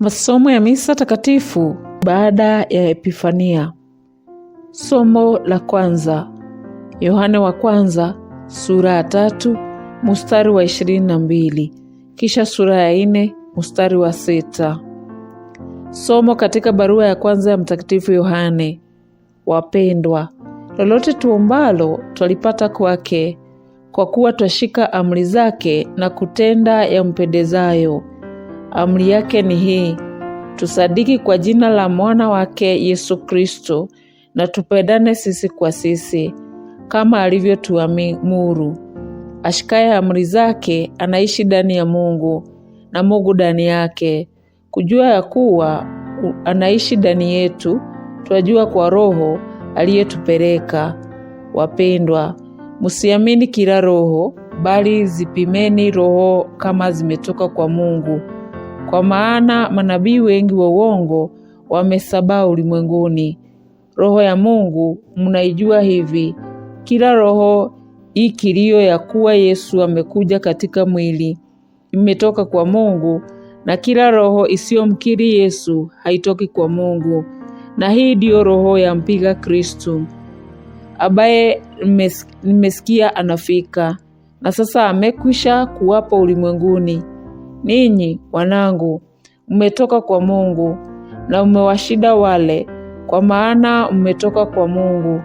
Masomo ya Misa Takatifu baada ya Epifania. Somo la kwanza, Yohane wa kwanza sura ya tatu mustari wa ishirini na mbili kisha sura ya nne mustari wa sita. Somo katika barua ya kwanza ya Mtakatifu Yohane. Wapendwa, lolote tuombalo twalipata kwake, kwa kuwa twashika amri zake na kutenda yampendezayo Amri yake ni hii: tusadiki kwa jina la mwana wake Yesu Kristo na tupendane sisi kwa sisi kama alivyotuamuru. Ashikaye amri zake anaishi ndani ya Mungu na Mungu ndani yake. Kujua ya kuwa anaishi ndani yetu, twajua kwa Roho aliyetupeleka. Wapendwa, msiamini kila roho, bali zipimeni roho kama zimetoka kwa Mungu, kwa maana manabii wengi wa uongo wamesabaa ulimwenguni. Roho ya Mungu mnaijua hivi, kila roho ikiliyo ya kuwa Yesu amekuja katika mwili imetoka kwa Mungu, na kila roho isiyomkiri Yesu haitoki kwa Mungu. Na hii ndiyo roho ya mpiga kristu ambaye nimesikia anafika, na sasa amekwisha kuwapa ulimwenguni. Ninyi wanangu, mmetoka kwa Mungu na umewashinda wale, kwa maana mmetoka kwa Mungu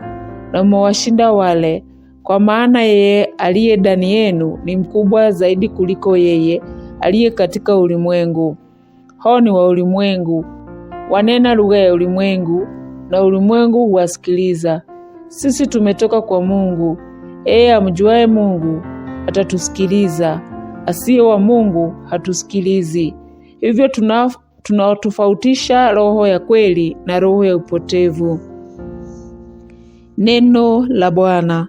na umewashinda wale, kwa maana yeye aliye ndani yenu ni mkubwa zaidi kuliko yeye aliye katika ulimwengu. Hao ni wa ulimwengu, wanena lugha ya ulimwengu, na ulimwengu huwasikiliza. Sisi tumetoka kwa Mungu, yeye amjuaye Mungu atatusikiliza asiye wa Mungu hatusikilizi. Hivyo tunatofautisha roho ya kweli na roho ya upotevu. Neno la Bwana.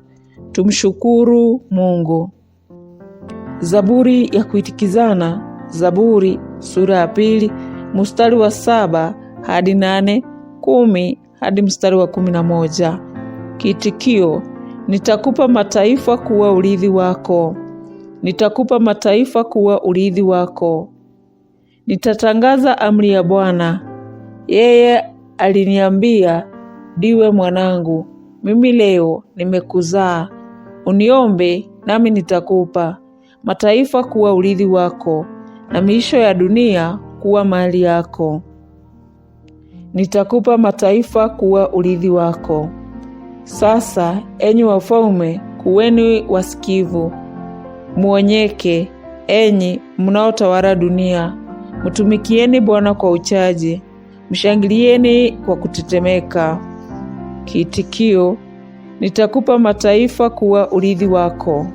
Tumshukuru Mungu. Zaburi ya kuitikizana, Zaburi sura ya pili mstari wa saba hadi nane, kumi hadi mstari wa kumi na moja. Kiitikio: nitakupa mataifa kuwa urithi wako. Nitakupa mataifa kuwa urithi wako. Nitatangaza amri ya Bwana. Yeye aliniambia, ndiwe mwanangu, mimi leo nimekuzaa. Uniombe nami nitakupa mataifa kuwa urithi wako, na miisho ya dunia kuwa mali yako. Nitakupa mataifa kuwa urithi wako. Sasa enyi wafalme, kuweni wasikivu muonyeke, enyi mnaotawala dunia, mtumikieni Bwana kwa uchaji, mshangilieni kwa kutetemeka. Kiitikio: nitakupa mataifa kuwa urithi wako.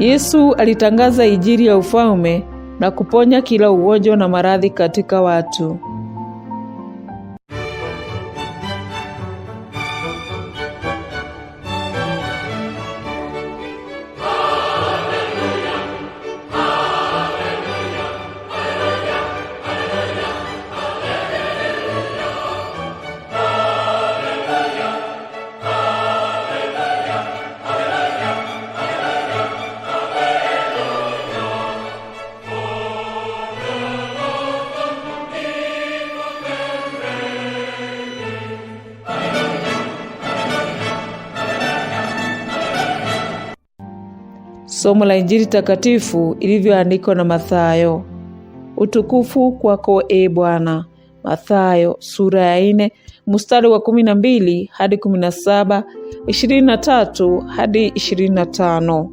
Yesu alitangaza Injili ya ufalme na kuponya kila ugonjwa na maradhi katika watu. Somo la Injili takatifu ilivyoandikwa na Mathayo. Utukufu kwako e Bwana. Mathayo sura ya nne mstari wa kumi na mbili hadi kumi na saba ishirini na tatu hadi ishirini na tano.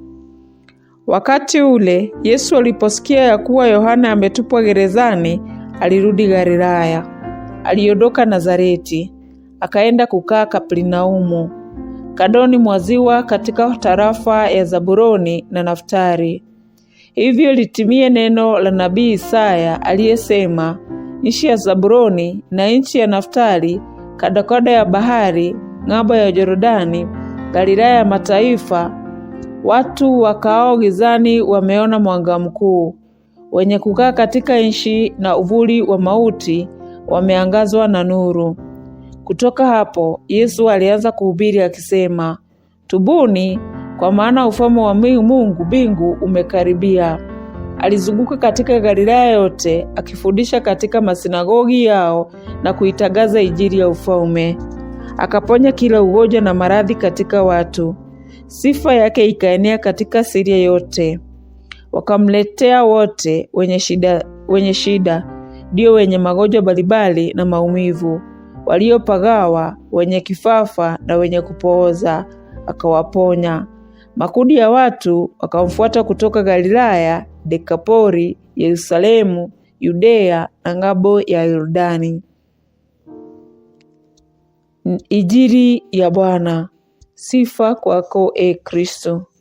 Wakati ule Yesu aliposikia ya kuwa Yohana ametupwa gerezani, alirudi Galilaya. Aliondoka Nazareti akaenda kukaa Kapernaumu kadoni mwa ziwa katika tarafa ya Zaburoni na Naftari. Hivyo litimie neno la nabii Isaya aliyesema, nchi ya Zaburoni na nchi ya Naftari, kadokodo ya bahari, ng'ambo ya Yordani, Galilaya ya mataifa, watu wakaao gizani wameona mwanga mkuu, wenye kukaa katika nchi na uvuli wa mauti wameangazwa na nuru. Kutoka hapo Yesu alianza kuhubiri akisema, tubuni kwa maana ufalme wa Mungu mbingu umekaribia. Alizunguka katika Galilaya yote akifundisha katika masinagogi yao na kuitangaza Injili ya ufalme. Akaponya kila ugonjwa na maradhi katika watu. Sifa yake ikaenea katika Siria yote. Wakamletea wote wenye shida, wenye shida ndio wenye magonjwa mbalimbali na maumivu, waliopagawa, wenye kifafa na wenye kupooza, akawaponya. Makundi ya watu wakamfuata kutoka Galilaya, Dekapori, Yerusalemu, Yudea na ng'ambo ya Yordani. Injili ya Bwana. Sifa kwako, e Kristo.